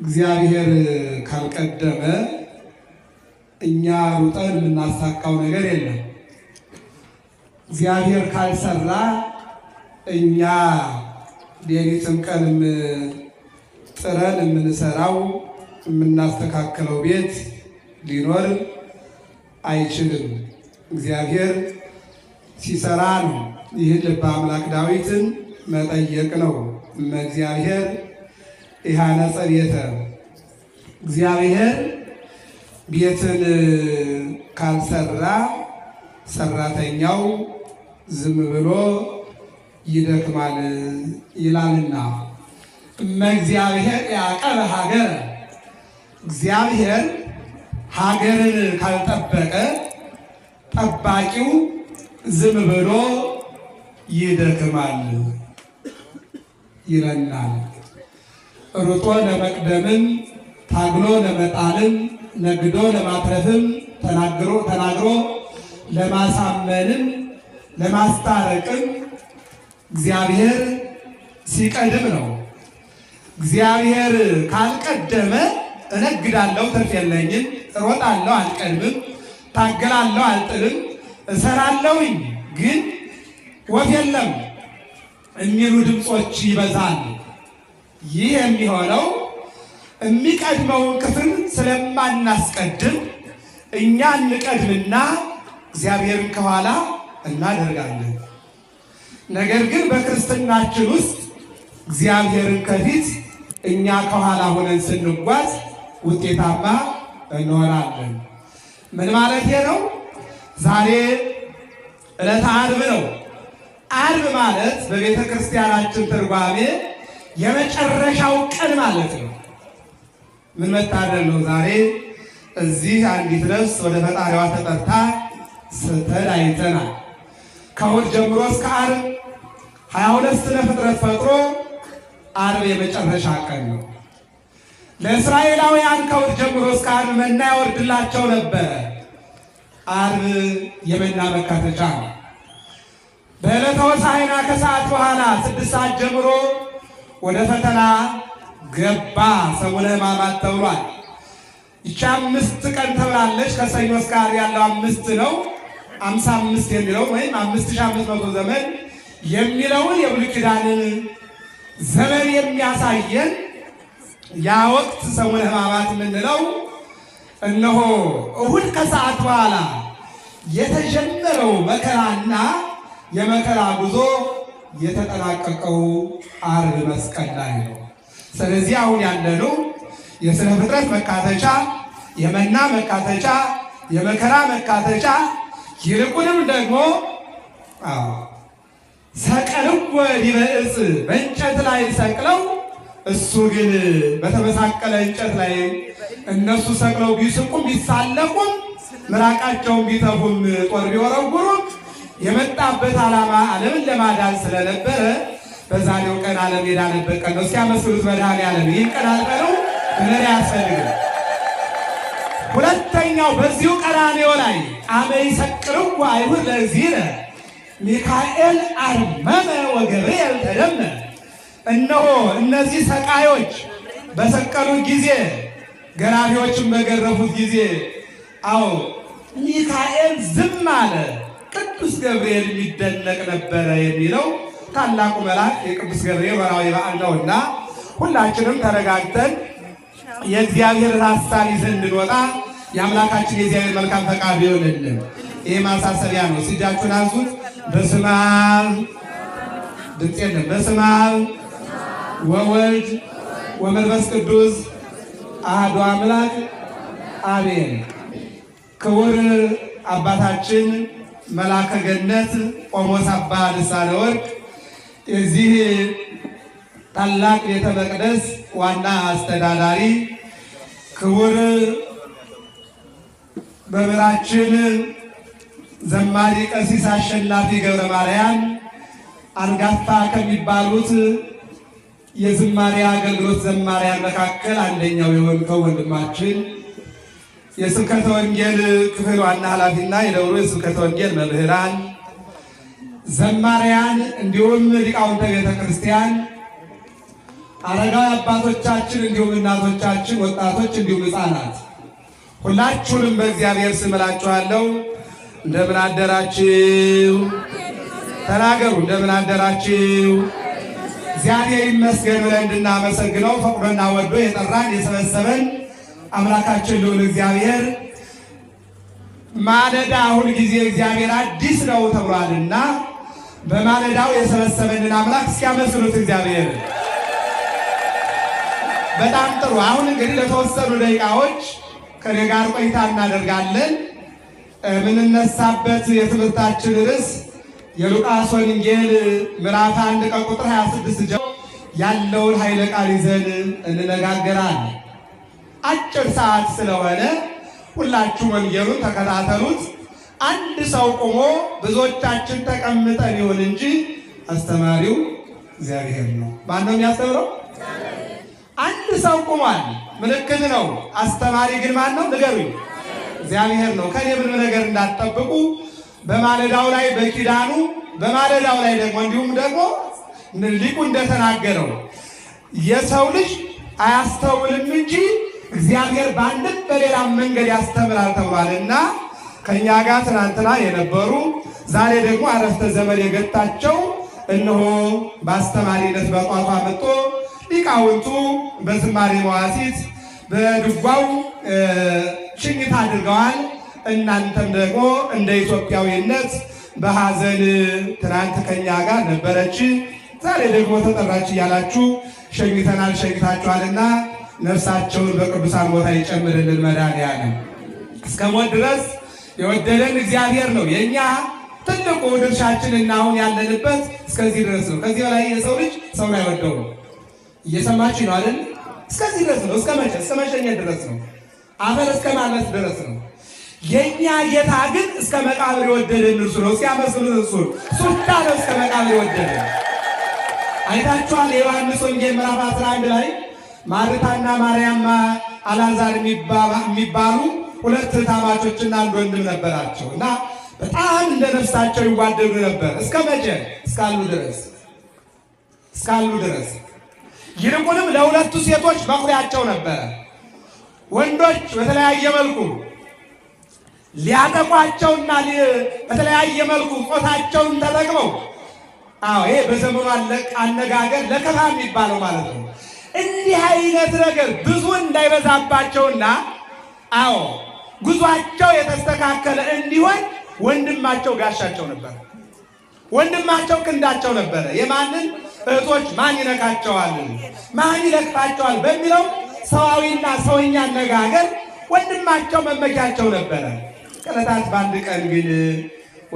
እግዚአብሔር ካልቀደመ እኛ ሩጠን የምናሳካው ነገር የለም። እግዚአብሔር ካልሰራ እኛ ሌሊትም ቀንም ጥረን የምንሰራው የምናስተካከለው ቤት ሊኖር አይችልም። እግዚአብሔር ሲሰራ ነው። ይህን ልበ አምላክ ዳዊትን መጠየቅ ነው። እመ እግዚአብሔር ያነጸ ቤተ እግዚአብሔር ቤትን ካልሰራ ሰራተኛው ዝም ብሎ ይደክማል ይላልና፣ እመ እግዚአብሔር ያዕቀበ ሀገረ እግዚአብሔር ሀገርን ካልጠበቀ ጠባቂው ዝም ብሎ ይደክማል ይለናል። ሩጦ ለመቅደምን ታግሎ ለመጣልን ነግዶ ለማትረፍም ተናግሮ ተናግሮ ለማሳመንም ለማስታረቅም እግዚአብሔር ሲቀድም ነው። እግዚአብሔር ካልቀደመ እነግዳለሁ፣ ትርፍ የለኝም፣ እሮጣለሁ፣ አልቀድምም፣ ታገላለሁ፣ አልጥልም፣ እሰራለሁኝ ግን ወፍ የለም የሚሉ ድምፆች ይበዛል። ይህ የሚሆነው የሚቀድመውን ክፍል ስለማናስቀድም እኛ እንቀድምና እግዚአብሔርን ከኋላ እናደርጋለን። ነገር ግን በክርስትናችን ውስጥ እግዚአብሔርን ከፊት እኛ ከኋላ ሆነን ስንጓዝ ውጤታማ እንሆናለን። ምን ማለት ነው? ዛሬ ዕለተ ዓርብ ነው። ዓርብ ማለት በቤተ ክርስቲያናችን ትርጓሜ የመጨረሻው ቀን ማለት ነው። ምን መታደል ነው! ዛሬ እዚህ አንዲት ነፍስ ወደ ፈጣሪዋ ተጠርታ ስተን አይተናል። ከእሑድ ጀምሮ እስከ ዓርብ ሀያ ሁለት ስነ ፍጥረት ፈጥሮ ዓርብ የመጨረሻ ቀን ነው። ለእስራኤላውያን ከእሑድ ጀምሮ እስከ ዓርብ መና ያወርድላቸው ነበረ። ዓርብ የመና መካተቻ ነው። በዕለተ ሆሳዕና ከሰዓት በኋላ ስድስት ሰዓት ጀምሮ ወደ ፈተና ገባ። ሰሙነ ሕማማት ተብሏል። ይቺ አምስት ቀን ተብላለች። ከሰኞ እስከ ዓርብ ያለው አምስት ነው። አምሳ አምስት የሚለው ወይም አምስት ሺህ አምስት መቶ ዘመን የሚለውን የብሉይ ኪዳንን ዘመን የሚያሳየን ያ ወቅት ሰሙነ ሕማማት የምንለው እነሆ እሁድ ከሰዓት በኋላ የተጀመረው መከራና የመከራ ጉዞ የተጠናቀቀው አርብ መስቀል ላይ ነው። ስለዚህ አሁን ያለነው የሥነ ፍጥረት መካተቻ፣ የመና መካተቻ፣ የመከራ መካተቻ ይልቁንም ደግሞ ሰቀልወ ዲበ ዕፅ በእንጨት ላይ ሰቅለው እሱ ግን በተመሳቀለ እንጨት ላይ እነሱ ሰቅለው ቢስቁም ቢሳለቁም ምራቃቸውን ቢተፉም ጦር ቢወረውሩም የመጣበት ዓላማ ዓለምን ለማዳን ስለነበረ በዛሬው ቀን ዓለም የዳነበት ቀን ነው። ሲያመስሉት መድኃኔዓለም ይህን ቀን አልቀረው ምንን ያስፈልግም። ሁለተኛው በዚሁ ቀራንዮ ላይ ቃመ ይሰቅርው አይሁድ ለእግዚእነ ሚካኤል አርመመ ወገብርኤል ተደመ። እነሆ እነዚህ ሰቃዮች በሰቀሉት ጊዜ ገራፊዎችን በገረፉት ጊዜ አዎ ሚካኤል ዝም አለ። ቅዱስ ገብርኤል የሚደነቅ ነበረ የሚለው ታላቁ መልአክ የቅዱስ ገብርኤል ወራዊ በዓል ነውና ሁላችንም ተረጋግተን የእግዚአብሔርን ሀሳብ ይዘን እንድንወጣ የአምላካችን የእግዚአብሔር መልካም ፈቃድ ይሆንልን። ይህ ማሳሰቢያ ነው። እጃችሁን አንሱት። በስመ አብ ድምፅ የለም። በስመ አብ ወወልድ ወመንፈስ ቅዱስ አሐዱ አምላክ አሜን። ክቡር አባታችን መላከ ገነት ቆሞስ አባ ልሳነ ወርቅ የዚህ ታላቅ ቤተ መቅደስ ዋና አስተዳዳሪ ክቡር መምህራችን ዘማሪ ቀሲስ አሸናፊ ገብረ ማርያም አንጋፋ ከሚባሉት የዝማሬ አገልግሎት ዘማሪያን መካከል አንደኛው የሆንከው ወንድማችን የስብከተ ወንጌል ክፍል ዋና ኃላፊና የደብሩ የስብከተ ወንጌል መምህራን፣ ዘማሪያን፣ እንዲሁም ሊቃውንተ ቤተ ክርስቲያን፣ አረጋዊ አባቶቻችን፣ እንዲሁም እናቶቻችን፣ ወጣቶች፣ እንዲሁም ሕፃናት ሁላችሁንም በእግዚአብሔር ስም እላችኋለሁ እንደምን አደራችሁ። ተናገሩ እንደምን አደራችሁ። እግዚአብሔር ይመስገን ብለን እንድናመሰግነው ፈቅዶና ወዶ የጠራን የሰበሰበን አምላካችን ልዑል እግዚአብሔር ማለዳ አሁን ጊዜ እግዚአብሔር አዲስ ነው ተብሏልና በማለዳው የሰበሰበንን አምላክ እስኪያመስሉት እግዚአብሔር በጣም ጥሩ። አሁን እንግዲህ ለተወሰኑ ደቂቃዎች ከኔ ጋር ቆይታ እናደርጋለን። የምንነሳበት የትምህርታችን ርዕስ የሉቃስ ወንጌል ምዕራፍ አንድ ከቁጥር 26 ጀምሮ ያለውን ኃይለ ቃል ይዘን እንነጋገራለን። አጭር ሰዓት ስለሆነ ሁላችሁ ወንጌሉን ተከታተሉት። አንድ ሰው ቆሞ ብዙዎቻችን ተቀምጠን ይሁን እንጂ አስተማሪው እግዚአብሔር ነው። ማን ነው የሚያስተምረው? አንድ ሰው ቆሟል፣ ምልክት ነው። አስተማሪ ግን ማን ነው? ንገሩኝ። እግዚአብሔር ነው። ከኔ ምንም ነገር እንዳትጠብቁ። በማለዳው ላይ በኪዳኑ በማለዳው ላይ ደግሞ እንዲሁም ደግሞ ሊቁ እንደተናገረው የሰው ልጅ አያስተውልም እንጂ እግዚአብሔር በአንድም በሌላም መንገድ ያስተምራል ተብሏልና ከእኛ ጋር ትናንትና የነበሩ ዛሬ ደግሞ አረፍተ ዘመን የገታቸው እነሆ በአስተማሪነት በቋንቋ መጥቶ ሊቃውንቱ በዝማሬ መዋሲት በድጓው ሽኝት አድርገዋል። እናንተም ደግሞ እንደ ኢትዮጵያዊነት በሐዘን ትናንት ከኛ ጋር ነበረች፣ ዛሬ ደግሞ ተጠራች እያላችሁ ሸኝተናል ሸኝታችኋልና ነፍሳቸውን በቅዱሳን ቦታ ይጨምርልን። መድኃኒዓለም እስከ ሞት ድረስ የወደደን እግዚአብሔር ነው። የእኛ ትልቁ ድርሻችን እና አሁን ያለንበት እስከዚህ ድረስ ነው። ከዚህ በላይ የሰው ልጅ ሰውን አይወደው ነው። እየሰማችሁ ነው አይደል? እስከዚህ ድረስ ነው። እስከ መቼ? እስከ መሸኘት ድረስ ነው። አፈር እስከ ማለት ድረስ ነው። የእኛ ጌታ ግን እስከ መቃብር የወደደን እርሱ ነው። ሲያመስሉ እርሱ ሱታ ነው። እስከ መቃብር የወደደን አይታችኋል። የዮሐንስ ወንጌል ምዕራፍ 11 ላይ ማርታና ማርያም አላዛር የሚባሉ ሁለት ታማቾችና አንድ ወንድም ነበራቸው እና በጣም እንደ ነፍሳቸው ይዋደዱ ነበር። እስከ መቼ? እስካሉ ድረስ እስካሉ ድረስ። ይልቁንም ለሁለቱ ሴቶች መኩሪያቸው ነበረ። ወንዶች በተለያየ መልኩ ሊያጠቋቸውና በተለያየ መልኩ ቆታቸውን ተጠቅመው አዎ፣ ይሄ በዘመኑ አነጋገር ለከፋ የሚባለው ማለት ነው እንዲህ አይነት ነገር ብዙ እንዳይበዛባቸውና አዎ ጉዟቸው የተስተካከለ እንዲሆን ወንድማቸው ጋሻቸው ነበር። ወንድማቸው ክንዳቸው ነበረ። የማንን እህቶች ማን ይነካቸዋል፣ ማን ይለቅፋቸዋል በሚለው ሰዋዊና ሰውኛ አነጋገር ወንድማቸው መመኪያቸው ነበረ። ከዕለታት በአንድ ቀን ግን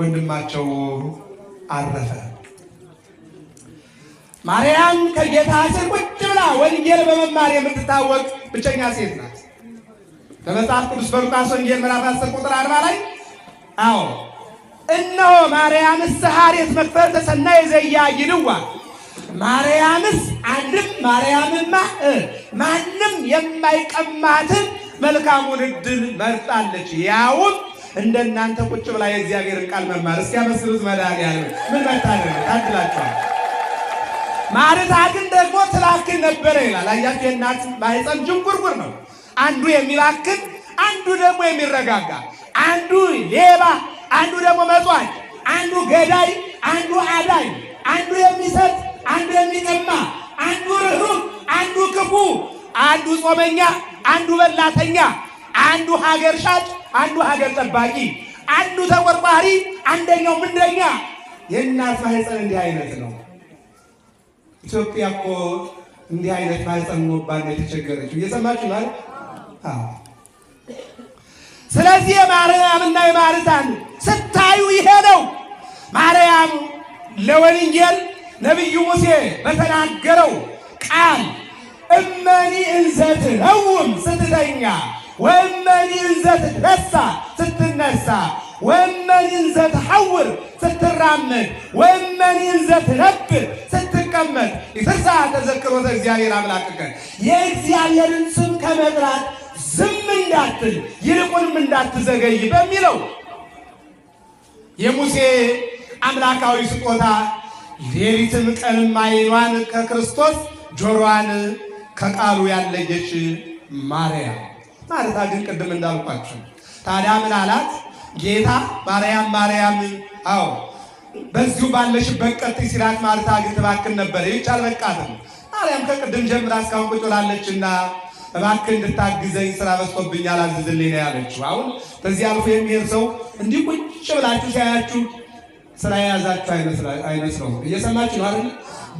ወንድማቸው አረፈ። ማርያም ከጌታ ስር ቁጭ ብላ ወንጌል በመማር የምትታወቅ ብቸኛ ሴት ናት። በመጽሐፍ ቅዱስ በሉቃስ ወንጌል ምዕራፍ 10 ቁጥር አርባ ላይ አዎ እነሆ ማርያምስ ሰሐሬት መክፈልተ ሰናየ ዘኢያዕይንዋ ማርያምስ አንድም ማርያምማ ማንም የማይቀማትን መልካሙን እድል መርጣለች። ያውም እንደናንተ ቁጭ ብላ የእግዚአብሔርን ቃል መማር። እስኪ አመስግኑት መድኃኒዓለም። ምን መታደ ታድላችኋል። ማርታ ግን ደግሞ ትላክል ነበረ ይላል። አያችሁ የእናት ማህፀን ጅንጉርጉር ነው። አንዱ የሚላክል፣ አንዱ ደግሞ የሚረጋጋ፣ አንዱ ሌባ፣ አንዱ ደግሞ መጽዋች፣ አንዱ ገዳይ፣ አንዱ አዳይ፣ አንዱ የሚሰጥ፣ አንዱ የሚቀማ፣ አንዱ ርኅሩህ፣ አንዱ ክፉ፣ አንዱ ጾመኛ፣ አንዱ በላተኛ፣ አንዱ ሀገር ሻጭ፣ አንዱ ሀገር ጠባቂ፣ አንዱ ተቆርቋሪ፣ አንደኛው ምንደኛ። የእናት ማህፀን እንዲህ አይነት ነው። ኢትዮጵያ እኮ እንዲህ አይነት ማህፀን ኖባን የተቸገረችው እየሰማችሁ ማለት ስለዚህ የማርያምና የማርታን ስታዩ ይሄ ነው። ማርያም ለወንጌል ነቢዩ ሙሴ በተናገረው ቃል እመኒ እንዘት ነውም ስትተኛ ወእመኒ እንዘት ረሳ ስትነሳ ወእመኒ እንዘት ሐውር ስትራመድ ወእመኒ እንዘት ነብር ስት ሲቀመጥ የተሳተ ተዘክሮተ እግዚአብሔር አምላክ ቀን የእግዚአብሔርን ስም ከመጥራት ዝም እንዳትል ይልቁንም እንዳትዘገይ በሚለው የሙሴ አምላካዊ ስጦታ ሌሊትም ቀንም ዓይኗን ከክርስቶስ ጆሮዋን ከቃሉ ያለየች ማርያም ማርታ ግን ቅድም እንዳልኳችሁ ታዲያ ምን አላት ጌታ ማርያም ማርያም አዎ በዚሁ ባለሽበት ቀጥይ ሲላት ማርታ ግን ነበር። ይህች አልበቃትም። ማርያም ከቅድም ጀምራ እስካሁን ቁጭ ብላለችና እባክህ እንድታግዘኝ ስራ በዝቶብኛል አዝዝልኝ ነው ያለችው። አሁን በዚህ አልፎ የሚሄድ ሰው እንዲህ ቁጭ ብላችሁ ሲያያችሁ ስራ የያዛችሁ አይነት ነው። እየሰማችሁ ነው አይደል?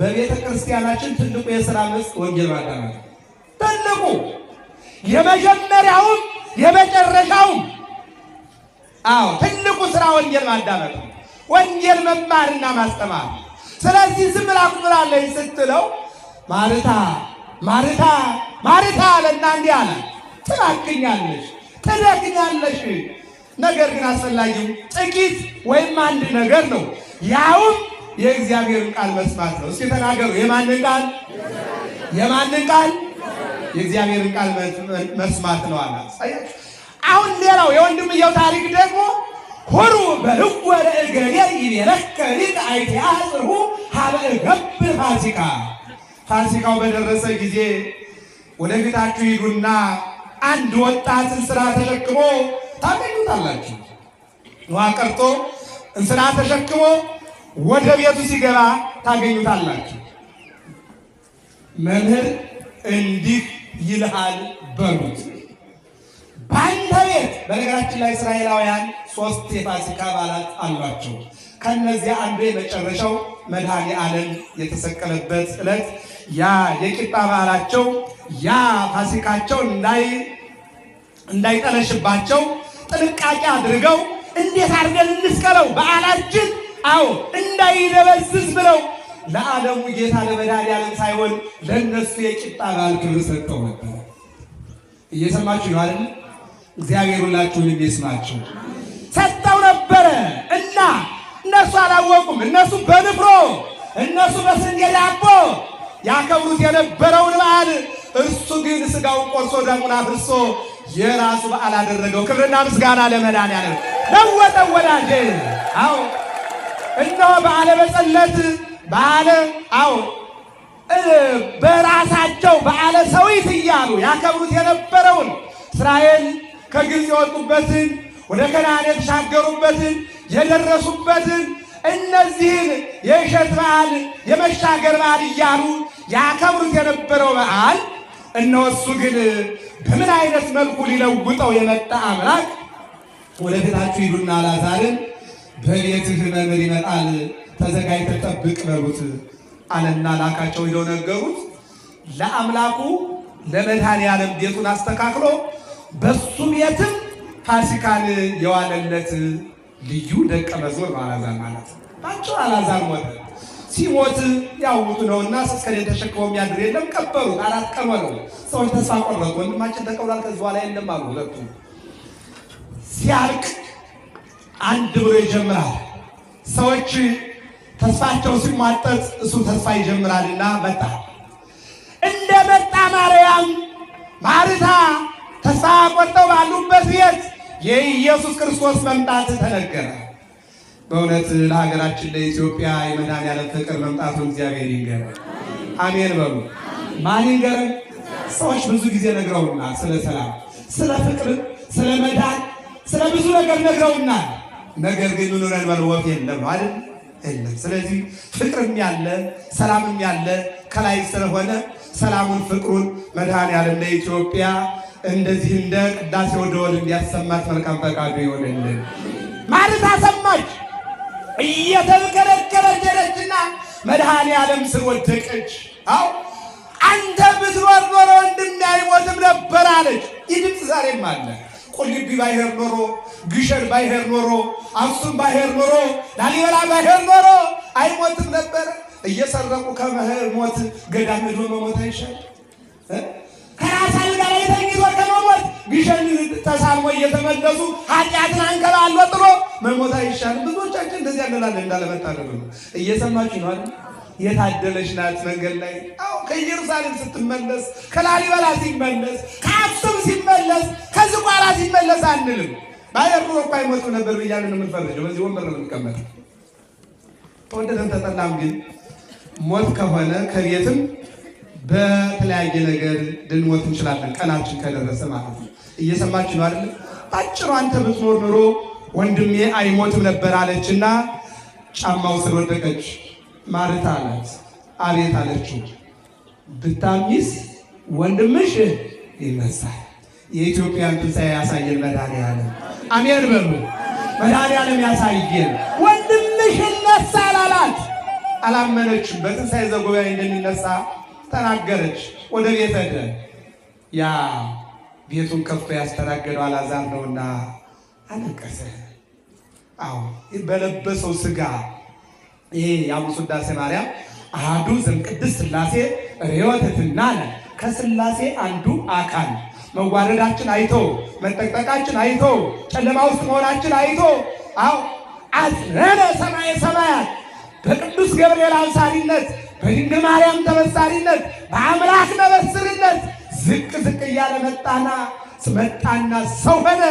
በቤተ ክርስቲያናችን ትልቁ የስራ መስክ ወንጌል ማዳመጥ ትልቁ የመጀመሪያውም የመጨረሻውም። አዎ ትልቁ ስራ ወንጌል ማዳመጥ ወንጌል መማርና ማስተማር። ስለዚህ ዝም ብላ ቁጥራለች ስትለው ማርታ ማርታ ማርታ አለና እንዲህ አለ፣ ትባክኛለሽ፣ ትደክኛለሽ። ነገር ግን አስፈላጊው ጥቂት ወይም አንድ ነገር ነው፣ ያውም የእግዚአብሔርን ቃል መስማት ነው። እስኪ ተናገሩ። የማንን ቃል? የማንን ቃል? የእግዚአብሔርን ቃል መስማት ነው አላት። አሁን ሌላው የወንድምየው ታሪክ ደግሞ ሁሩ በልወ ለእግዚአብሔር ይቤረከ ሊቅ አይቲአ ሀበ እገብር ፋሲካ። ፋሲካው በደረሰ ጊዜ ወደፊታችሁ ሂዱና አንድ ወጣት እንስራ ተሸክሞ ታገኙታላችሁ። ውሃ ቀርቶ እንስራ ተሸክሞ ወደ ቤቱ ሲገባ ታገኙታላችሁ። መምህር እንዲህ ይልሃል በሉት በነገራችን ላይ እስራኤላውያን ሶስት የፋሲካ በዓላት አሏቸው። ከነዚያ አንዱ የመጨረሻው መድኃኔ ዓለም የተሰቀለበት ዕለት ያ የቂጣ በዓላቸው ያ ፋሲካቸው እንዳይጠለሽባቸው ጥንቃቄ አድርገው እንዴት አድርገን እንስቀለው በዓላችን አዎ እንዳይደበዝዝ ብለው ለዓለሙ ጌታ ለመድኃኔ ዓለም ሳይሆን ለእነሱ የቂጣ በዓል ክብር ሰጥተው ነበር። እየሰማችሁ ነው አይደል? እግዚአብሔር ሁላችሁንም ይስማችሁ። ሰጥተው ነበረ እና እነሱ አላወቁም። እነሱ በንፍሮ እነሱ በስንዴ ዳቦ ያከብሩት የነበረውን በዓል እርሱ ግን ስጋውን ቆርሶ ደሙን አፍስሶ የራሱ በዓል አደረገው። ክብርና ምስጋና ለመድኃኒዓለም ለወጠ። ወዳጄ አዎ እነሆ በዓለ በጸለት በዓለ አዎ በራሳቸው በዓለ ሰዊት እያሉ ያከብሩት የነበረውን እስራኤል ከግብፅ የወጡበትን ወደ ከነዓን የተሻገሩበትን የደረሱበትን እነዚህን የእሸት በዓል የመሻገር በዓል እያሉ ያከብሩት የነበረው በዓል እነሱ ግን በምን አይነት መልኩ ሊለውጠው የመጣ አምላክ ወደፊታችሁ ሂዱና አልዓዛርን በቤትህ መምህር ይመጣል ተዘጋጅተህ ጠብቅ በሉት አለና ላካቸው። ሄደው ነገሩት ለአምላኩ ለመድኃኔ ዓለም ቤቱን አስተካክሎ በሱም የትም ፋሲካን የዋለለት ልዩ ደቀ መዝሙር አልዓዛር ማለት ነው። ባቸው አልዓዛር ሞተ። ሲሞት ያውቁት ነውና እስከኔ ተሸክሞ የሚያድር የለም። ቀበሩ አራት ቀን ነው። ሰዎች ተስፋ ቆረጡ። ወንድማችን ተቀብሯል፣ ከዚህ በኋላ የለም አሉ ሁለቱ። ሲያልቅ አንድ ብሎ ይጀምራል። ሰዎች ተስፋቸው ሲሟጠጥ እሱ ተስፋ ይጀምራልና መጣ። እንደ መጣ ማርያም ማርታ ተስፋ ቆርጠው ባሉበት ቤት የኢየሱስ ክርስቶስ መምጣት ተነገረ። በእውነት ለሀገራችን ለኢትዮጵያ የመድኃኒዓለም ፍቅር መምጣቱን እግዚአብሔር ይንገረ። አሜን በሉ። ማን ይንገረ? ሰዎች ብዙ ጊዜ ነግረውና ስለ ሰላም፣ ስለ ፍቅር፣ ስለ መዳን፣ ስለ ብዙ ነገር ነግረውናል። ነገር ግን ኑረን መልወፍ የለም አይደል? የለም። ስለዚህ ፍቅርም ያለ ሰላምም ያለ ከላይ ስለሆነ ሰላሙን ፍቅሩን መድኃኒዓለም ለኢትዮጵያ እንደዚህ እንደ ቅዳሴ ወደ ወል እንዲያሰማት መልካም ፈቃዱ ይሆንልን። ማርታ ሰማች፣ እየተንከረከረች ሄደችና መድኃኔ ዓለም ስር ወደቀች። አው አንተ ብትኖር ኖሮ ወንድሜ አይሞትም ነበር አለች። ይህ ድምፅ ዛሬም አለ። ቁልቢ ባይሄድ ኖሮ፣ ግሸን ባይሄድ ኖሮ፣ አክሱም ባይሄድ ኖሮ፣ ላሊበላ ባይሄድ ኖሮ አይሞትም ነበር። እየሰረቁ ከመሄድ ሞት ገዳም ሄዶ መሞት አይሻል ከራሳ ግሸን ተሳልሞ እየተመለሱ ኃጢአትን አንከላ አልበጥሎ መሞት አይሻልም። ብዙዎቻችን እንደዚህ እንዳለመታደሉ ነው። እየሰማችሁ ነው። የታደለች ናት መንገድ ላይ አሁ ከኢየሩሳሌም ስትመለስ፣ ከላሊበላ ሲመለስ፣ ከአክሱም ሲመለስ፣ ከዝቋላ ሲመለስ አንልም። ባየሩ እኮ ነበር በዚህ ወንበር ነው የምንቀመጥ። ተጠላም ግን ሞት ከሆነ ከቤትም በተለያየ ነገር ልንሞት እንችላለን። ቀናችን ከደረሰ ማለት ነው። እየሰማች ነው አይደል? አጭሩ አንተ ብትኖር ኑሮ ወንድሜ አይሞትም ነበር አለችና ጫማው ስር ወደቀች። ማርታ አላት። አቤት አለችው። ብታሚስ ወንድምሽ ይነሳል። የኢትዮጵያን ትንሣኤ ያሳየን መድኃኒዓለም። አሜን በሉ። መድኃኒዓለም ያሳየን። ወንድምሽ ይነሳል አላት። አላመነችም። በትንሣኤ ዘጉባኤ እንደሚነሳ ተናገረች። ወደ ቤት ሄደ ያ ቤቱን ከፍቶ ያስተናገደው አላዛር ነውና አለቀሰ። አዎ በለበሰው ስጋ ይሄ የሐሙሱ ውዳሴ ማርያም አህዱ ዘንቅድስ ሥላሴ ርኅወትትነ አለ። ከሥላሴ አንዱ አካል መዋረዳችን አይቶ መጠቅጠቃችን አይቶ ጨለማ ውስጥ መሆናችን አይቶ አዎ አጽረረ ሰማየ ሰማያት በቅዱስ ገብርኤል አብሳሪነት በድንግል ማርያም ተመሳሪነት በአምላክ መበስርነት ዝቅ ዝቅ እያለ መጣና መጣና ሰው ሆነ።